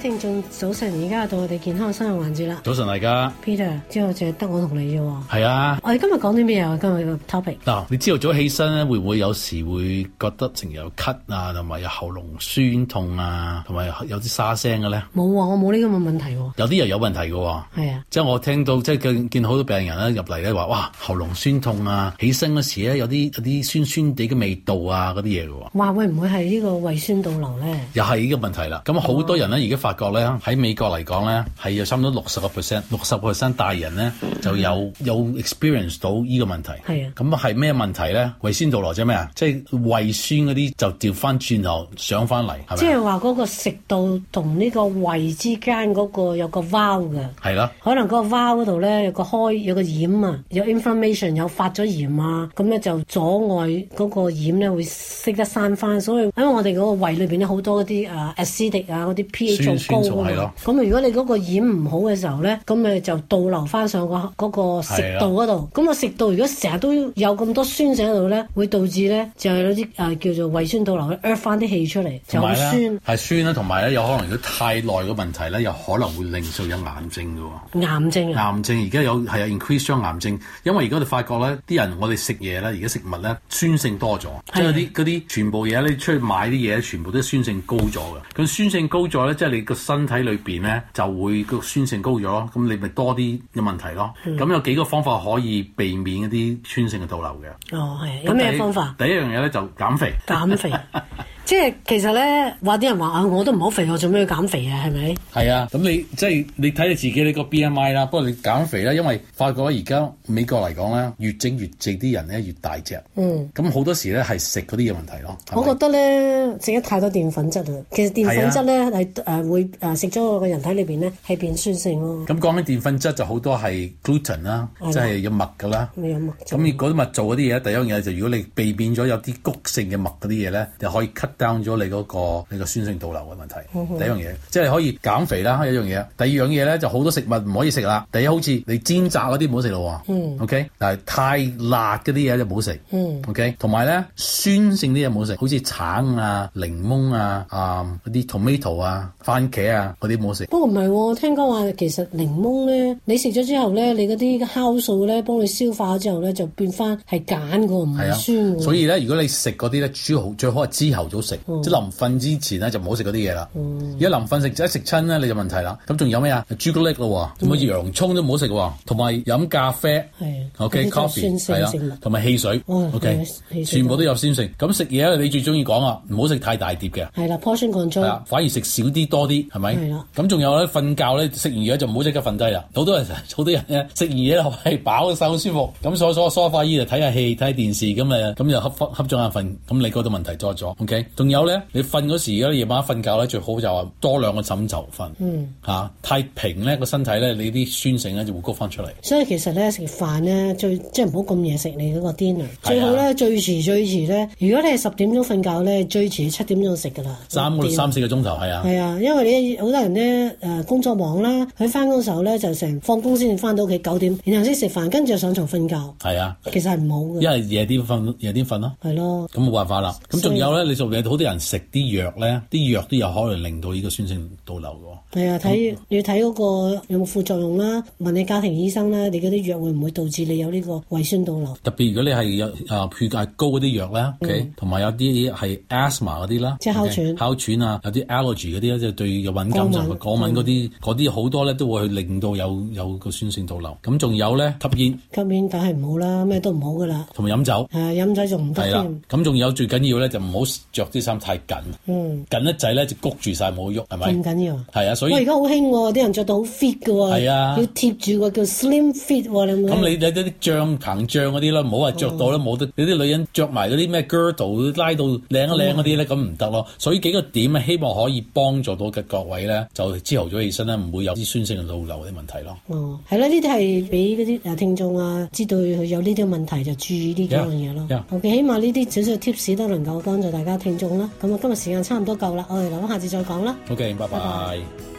聽眾早晨，而家到我哋健康嘅生活環節啦。早晨，大家 Peter 之後淨係得我同你啫。係啊，我哋今日講啲咩啊？今日個 topic。嗱，你朝頭早起身咧，會唔會有時會覺得成日有咳啊，同埋有喉嚨酸痛啊，同埋有啲沙聲嘅咧？冇啊，我冇呢個問題啊。有啲又有問題嘅啊。係啊，即係我聽到，即係見好多病人咧入嚟咧話，哇，喉嚨酸痛啊，起身嗰時咧有啲有啲酸酸地嘅味道啊，嗰啲嘢嘅。話會唔會係呢個胃酸倒流咧？又係呢個問題啦。咁好多人咧而家。Oh. 發覺咧喺美國嚟講咧，係有差唔多六十個 percent，六十 percent 大人咧就有有 experience 到依個問題。係啊，咁啊係咩問題咧？係即係胃酸倒流啫咩啊？即係胃酸嗰啲就掉翻轉頭上翻嚟，係咪？即係話嗰個食道同呢個胃之間嗰個有個 val 嘅，係咯、啊。可能嗰個 val 嗰度咧有個開有個炎啊，有 inflammation 有發咗炎啊，咁咧就阻礙嗰個炎咧會識得散翻，所以喺我哋嗰個胃裏邊咧好多嗰啲誒 acid 啊嗰啲 pH。酸素高咯，咁啊如果你嗰個染唔好嘅時候咧，咁咪就倒流翻上個個食道嗰度，咁啊食道如果成日都有咁多酸性喺度咧，會導致咧就係嗰啲啊叫做胃酸倒流，咧 up 翻啲氣出嚟，就酸有呢酸係酸啦，同埋咧有可能如果太耐嘅問題咧，又可能會令到有癌症噶喎，癌症啊，癌症而家有係有 increase 咗癌症，因為而家我哋發覺咧，啲人我哋食嘢咧，而家食物咧酸性多咗，即係啲嗰啲全部嘢咧出去買啲嘢咧，全部都係酸性高咗嘅，咁酸性高咗咧，即係你。個身體裏邊咧就會個酸性高咗，咁你咪多啲嘅問題咯。咁、嗯、有幾個方法可以避免一啲酸性嘅倒流嘅。哦，係。咁第一，咩方法？第一樣嘢咧就減肥。減肥。 即係其實咧，話啲人話啊，我都唔好肥，我做咩要減肥啊？係咪？係啊，咁你即係你睇你自己呢個 B M I 啦。不過你減肥啦，因為發覺而家美國嚟講咧，越整越肥啲人咧，越大隻。嗯。咁好多時咧係食嗰啲嘢問題咯。我覺得咧食得太多澱粉質啦，其實澱粉質咧係誒會誒食咗我個人體裏邊咧係變酸性咯。咁講起澱粉質就好多係 gluten 啦，嗯、即係有麥噶啦。嗯、有麥。咁如果啲麥做嗰啲嘢，第一樣嘢就是、如果你避免咗有啲谷性嘅麥嗰啲嘢咧，就可以 down 咗你嗰、那個你個酸性倒流嘅問題，okay. 第一樣嘢，即係可以減肥啦，有一樣嘢。第二樣嘢咧就好多食物唔可以食啦。第一樣好似你煎炸嗰啲唔好食咯。嗯、mm.。OK，但係太辣嗰啲嘢就唔好食。嗯、mm. okay?。OK，同埋咧酸性啲嘢唔好食，好似橙啊、檸檬啊、啊嗰啲 tomato 啊、番茄啊嗰啲唔好食。不過唔係、哦，聽講話其實檸檬咧，你食咗之後咧，你嗰啲酵素咧幫你消化之後咧，就變翻係鹼嘅，唔酸、啊、所以咧，如果你食嗰啲咧，最好最好係之後早。嗯、即係臨瞓之前咧就唔好食嗰啲嘢啦。而家臨瞓食一食親咧你就問題啦。咁仲有咩啊？朱、就、古、是、力咯，仲好似洋蔥都唔好食。同埋飲咖啡，OK coffee，同埋汽水、哦、OK，汽水全部都有酸性。咁食嘢咧你最中意講啊，唔好食太大碟嘅。係啦，反而食少啲多啲，係咪？咁仲有咧，瞓覺咧食完嘢就唔好即刻瞓低啦。好多人，好多人食完嘢係飽晒好舒服，咁坐坐沙發依度睇下戲睇下電視，咁誒咁就瞌瞌瞌咗眼瞓，咁你嗰度問題多咗。OK。仲有咧，你瞓嗰時候，如果夜晚瞓覺咧，最好就話多兩個枕頭瞓嚇。太平咧個身體咧，你啲酸性咧就會谷翻出嚟。所以其實咧食飯咧最即係唔好咁夜食你嗰個 dinner 啊！最好咧最遲最遲咧，如果你係十點鐘瞓覺咧，最遲七點鐘食㗎啦。三個三四個鐘頭，係啊，係啊，因為你好多人咧誒、呃、工作忙啦、啊，佢翻工嘅時候咧就成放工先至翻到屋企九點，然後先食飯，跟住上床瞓覺係啊，其實係唔好嘅，因為夜啲瞓夜啲瞓咯，係咯、啊，咁冇、啊、辦法啦。咁仲有咧你做嘢。好多人食啲藥咧，啲藥都有可能令到呢個酸性倒流嘅。係啊，睇、嗯、要睇嗰個有冇副作用啦，問你家庭醫生啦，你嗰啲藥會唔會導致你有呢個胃酸倒流？特別如果你係有啊、呃、血壓高嗰啲藥咧，同埋有啲係 asthma 嗰啲啦，嗯、okay，即係哮喘、哮、okay，喘啊，有啲 allergy 嗰啲咧，即、就、係、是、對有敏感就過敏嗰啲，嗰啲好多咧都會去令到有有個酸性倒流。咁仲有咧吸煙，吸煙梗係唔好啦，咩都唔好嘅啦。同、嗯、埋飲酒，係、啊、飲酒仲唔得添？咁仲、啊、有最緊要咧，就唔好啲衫太緊，緊得滯咧就谷住晒，冇喐，係咪？咁緊要？係啊，所以我而家好興，啲、啊、人着到好 fit 嘅喎，要貼住個叫 slim fit 喎。咁、啊、你你啲脹膨脹嗰啲咧，唔好話着到咧冇、哦、得。你啲女人着埋嗰啲咩 girdle 拉到靚一靚嗰啲咧，咁唔得咯。所以幾個點希望可以幫助到嘅各位咧，就朝頭早起身咧，唔會有啲酸性嘅滲漏啲問題咯。哦，係咯、啊，呢啲係俾嗰啲啊聽眾啊知道佢有呢啲問題就注意呢幾樣嘢咯。我嘅希望呢啲少少 tips 都能夠幫助大家聽。咁啊，今日時間差唔多夠啦，我哋留翻下次再講啦。OK，拜拜。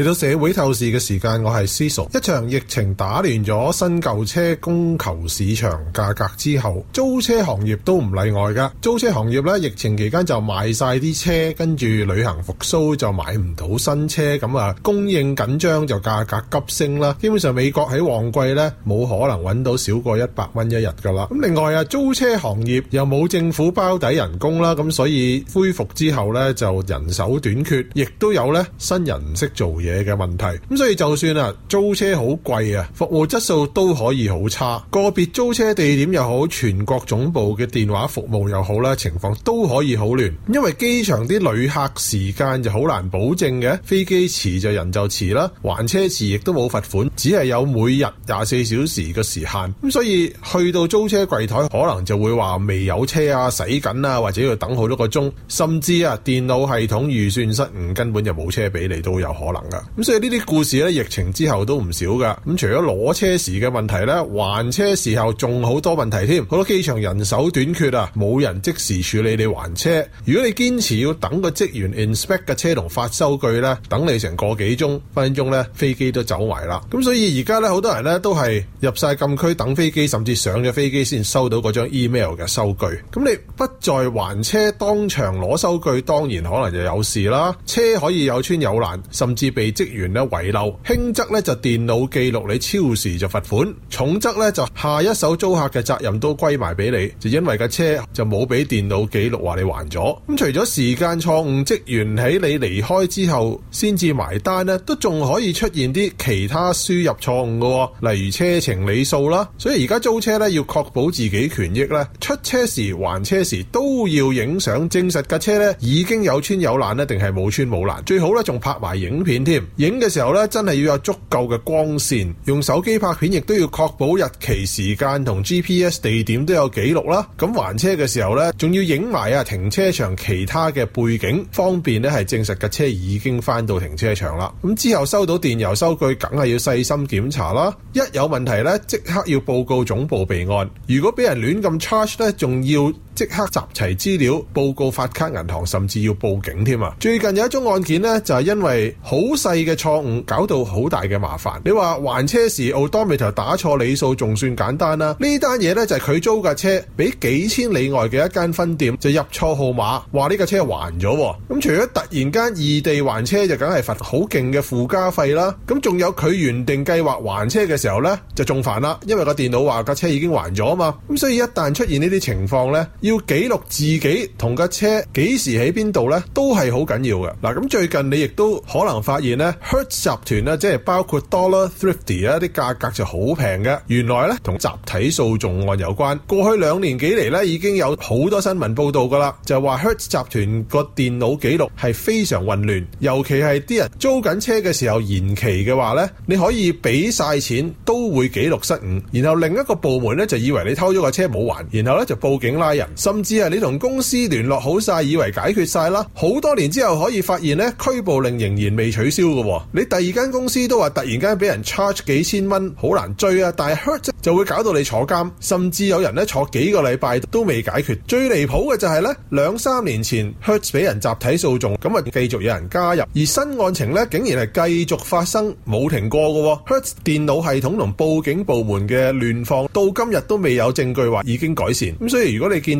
嚟到社會透視嘅時間，我係思熟。一場疫情打亂咗新舊車供求市場價格之後，租車行業都唔例外噶。租車行業咧，疫情期間就賣晒啲車，跟住旅行復甦就買唔到新車，咁啊供應緊張就價格急升啦。基本上美國喺旺季呢，冇可能揾到少過一百蚊一日噶啦。咁另外啊，租車行業又冇政府包底人工啦，咁所以恢復之後呢，就人手短缺，亦都有呢新人唔識做嘢。嘅問題，咁，所以就算啊租車好貴啊，服務質素都可以好差。個別租車地點又好，全國總部嘅電話服務又好啦，情況都可以好亂，因為機場啲旅客時間就好難保證嘅，飛機遲就人就遲啦。還車遲亦都冇罰款，只係有每日廿四小時嘅時限。咁，所以去到租車櫃台可能就會話未有車啊，洗緊啊或者要等好多個鐘，甚至啊電腦系統預算失誤根本就冇車俾你都有可能。咁所以呢啲故事咧，疫情之後都唔少噶。咁除咗攞車時嘅問題呢，還車時候仲好多問題添。好多機場人手短缺啊，冇人即時處理你還車。如果你堅持要等個職員 inspect 嘅車同發收據呢，等你成個幾鐘分鐘呢，飛機都走埋啦。咁所以而家呢，好多人呢都係入晒禁區等飛機，甚至上咗飛機先收到嗰張 email 嘅收據。咁你不再還車，當場攞收據，當然可能就有事啦。車可以有穿有爛，甚至被被職員咧遺漏，輕則咧就電腦記錄你超時就罰款，重則咧就下一手租客嘅責任都歸埋俾你，就因為架車就冇俾電腦記錄話你還咗。咁除咗時間錯誤，職員喺你離開之後先至埋單呢，都仲可以出現啲其他輸入錯誤噶，例如車程里數啦。所以而家租車咧要確保自己權益咧，出車時、還車時都要影相證實架車咧已經有穿有爛咧，定係冇穿冇爛，最好咧仲拍埋影片。影嘅時候咧，真係要有足夠嘅光線，用手機拍片亦都要確保日期、時間同 GPS 地點都有記錄啦。咁還車嘅時候咧，仲要影埋啊，停車場其他嘅背景，方便咧係證實架車已經返到停車場啦。咁之後收到電郵收據，梗係要細心檢查啦。一有問題咧，即刻要報告總部備案。如果俾人亂咁 charge 咧，仲要。即刻集齊資料報告發卡銀行，甚至要報警添啊！最近有一宗案件呢，就係、是、因為好細嘅錯誤搞到好大嘅麻煩。你話還車時，奧多美 r 打錯理數，仲算簡單啦。呢單嘢呢，就係佢租架車俾幾千里外嘅一間分店，就入錯號碼，話呢架車還咗。咁除咗突然間異地還車，就梗係罰好勁嘅附加費啦。咁仲有佢原定計劃還車嘅時候呢，就仲煩啦，因為個電腦話架車已經還咗啊嘛。咁所以一旦出現呢啲情況呢，要記錄自己同架車幾時喺邊度呢？都係好緊要嘅。嗱，咁最近你亦都可能發現呢，Hertz 集團呢，即係包括 Dollar Thrifty 啊，啲價格就好平嘅。原來呢，同集體訴訟案有關。過去兩年幾嚟呢，已經有好多新聞報道㗎啦，就話 Hertz 集團個電腦記錄係非常混亂，尤其係啲人租緊車嘅時候延期嘅話呢，你可以俾晒錢都會記錄失誤，然後另一個部門呢，就以為你偷咗個車冇還，然後呢，就報警拉人。甚至係你同公司聯絡好晒，以為解決晒啦。好多年之後可以發現呢，拘捕令仍然未取消嘅。你第二間公司都話突然間俾人 charge 幾千蚊，好難追啊。但係 Hertz 就會搞到你坐監，甚至有人呢坐幾個禮拜都未解決。最離譜嘅就係呢，兩三年前 Hertz 俾人集體訴訟，咁啊繼續有人加入，而新案情呢，竟然係繼續發生冇停過喎。Hertz 電腦系統同報警部門嘅亂放，到今日都未有證據話已經改善。咁所以如果你見，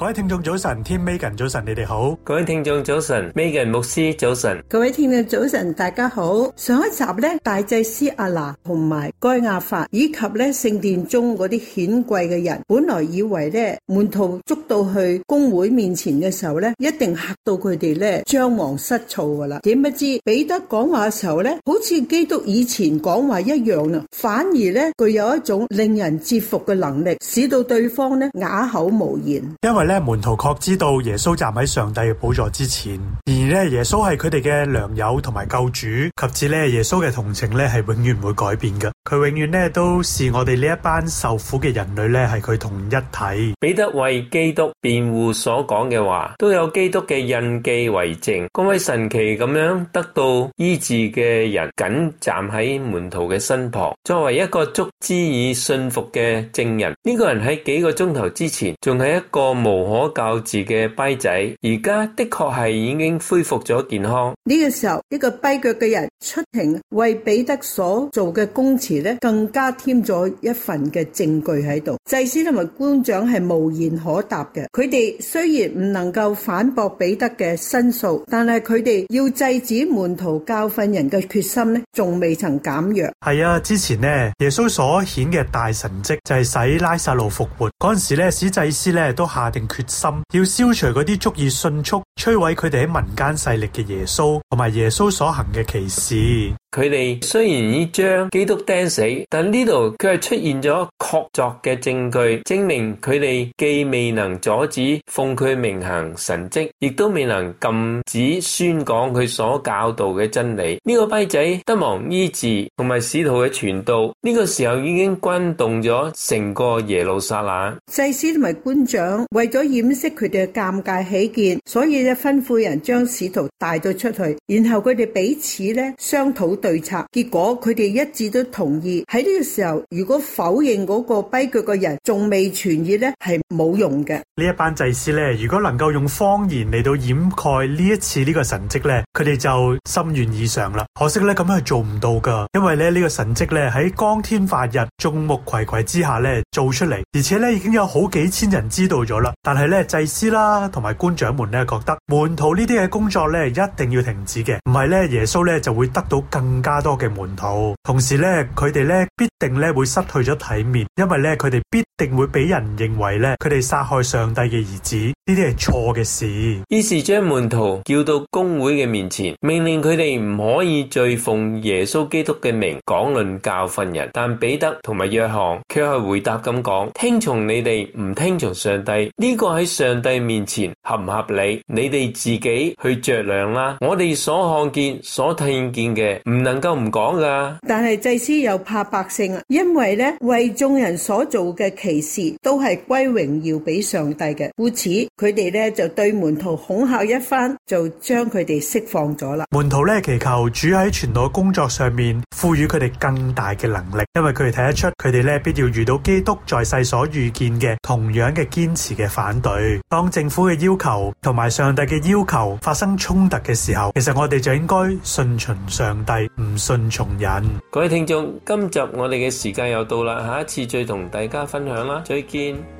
各位聽眾早晨，Timagon 早晨，你哋好。各位聽眾早晨，Magon 牧師早晨。各位聽眾早晨，大家好。上一集咧，大祭司亞拿同埋該亞法以及咧聖殿中嗰啲顯貴嘅人，本來以為咧門徒捉到去公會面前嘅時候咧，一定吓到佢哋咧張皇失措噶啦。點不知彼得講話嘅時候咧，好似基督以前講話一樣啦，反而咧具有一種令人折服嘅能力，使到對方咧啞口無言。因為咧。咧門徒確知道耶穌站喺上帝嘅寶座之前，而咧耶穌係佢哋嘅良友同埋救主，及至咧耶穌嘅同情咧係永遠唔會改變嘅，佢永遠咧都視我哋呢一班受苦嘅人類咧係佢同一體。彼得為基督辯護所講嘅話，都有基督嘅印記為證。各位神奇咁樣得到醫治嘅人，緊站喺門徒嘅身旁，作為一個足資以信服嘅證人，呢個人喺幾個鐘頭之前仲係一個無。無可救治嘅跛仔，而家的確係已經恢復咗健康。呢、這個時候，一、這個跛腳嘅人出庭為彼得所做嘅供詞咧，更加添咗一份嘅證據喺度。祭司同埋官長係無言可答嘅，佢哋雖然唔能夠反駁彼得嘅申訴，但係佢哋要制止門徒教訓人嘅決心咧，仲未曾減弱。係啊，之前咧耶穌所顯嘅大神蹟就係使拉撒路復活嗰陣時咧，使祭司咧都下定。決心要消除嗰啲足以迅速摧毀佢哋喺民間勢力嘅耶穌，同埋耶穌所行嘅奇事。佢哋雖然已將基督釘死，但呢度佢係出現咗確鑿嘅證據，證明佢哋既未能阻止奉佢名行神跡，亦都未能禁止宣講佢所教導嘅真理。呢個跛仔得蒙醫治，同埋使徒嘅傳道，呢個時候已經轟動咗成個耶路撒冷，祭司同埋官長為咗，掩飾佢哋嘅尷尬起見，所以咧吩咐人將使徒帶咗出去，然後佢哋彼此咧商討對策。結果佢哋一致都同意喺呢個時候，如果否認嗰個跛腳嘅人仲未痊愈咧，係冇用嘅。呢一班祭司咧，如果能夠用謊言嚟到掩蓋呢一次呢個神蹟咧，佢哋就心願已償啦。可惜咧，咁樣係做唔到噶，因為咧呢個神蹟咧喺光天化日、眾目睽睽之下咧做出嚟，而且咧已經有好幾千人知道咗啦。但係咧，祭司啦，同埋官長們咧，覺得門徒呢啲嘅工作咧，一定要停止嘅。唔係咧，耶穌咧就會得到更加多嘅門徒，同時咧佢哋咧必定咧會失去咗體面，因為咧佢哋必定會俾人認為咧佢哋殺害上帝嘅兒子。呢啲係錯嘅事，於是將門徒叫到公會嘅面前，命令佢哋唔可以再奉耶穌基督嘅名講論教訓人。但彼得同埋約翰卻係回答咁講：聽從你哋唔聽從上帝呢、呢個喺上帝面前合唔合理？你哋自己去酌量啦。我哋所看見、所聽見嘅，唔能夠唔講噶。但係祭司又怕百姓啊，因為咧為眾人所做嘅奇事，都係歸榮耀俾上帝嘅，故此，佢哋咧就對門徒恐嚇一番，就將佢哋釋放咗啦。門徒咧祈求主喺傳道工作上面賦予佢哋更大嘅能力，因為佢哋睇得出佢哋咧必要遇到基督在世所遇見嘅同樣嘅堅持嘅反對。當政府嘅要求同埋上帝嘅要求發生衝突嘅時候，其實我哋就應該順從上帝，唔順從人。各位聽眾，今集我哋嘅時間又到啦，下一次再同大家分享啦，再見。